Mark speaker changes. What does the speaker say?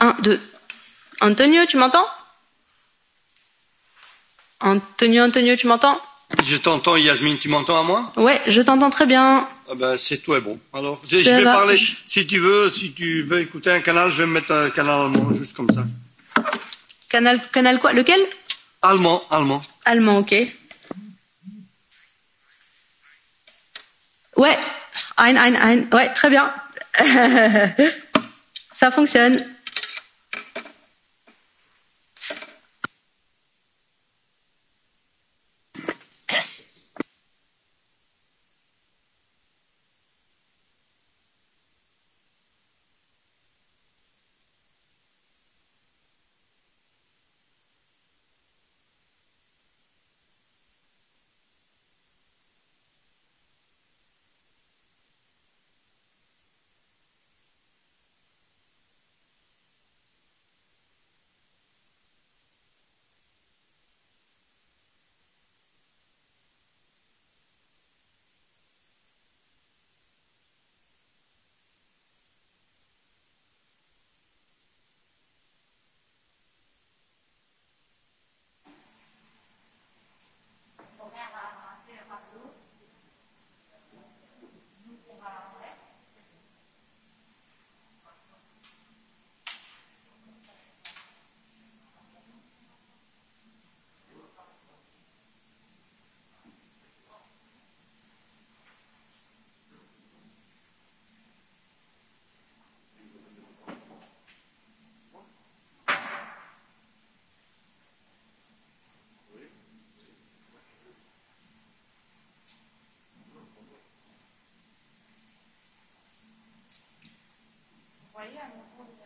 Speaker 1: 1, 2. Antonio, tu m'entends Antonio, Antonio, tu m'entends Je t'entends, Yasmine, tu m'entends à moi Ouais, je t'entends très bien. Ah ben, c'est tout est bon. Alors, je, je vais là. parler, si tu veux, si tu veux écouter un canal, je vais me mettre un canal allemand, juste comme ça. Canal, canal quoi Lequel Allemand, allemand. Allemand, ok. Ouais, ein, ein, ein. Ouais, très bien. ça fonctionne. постоянно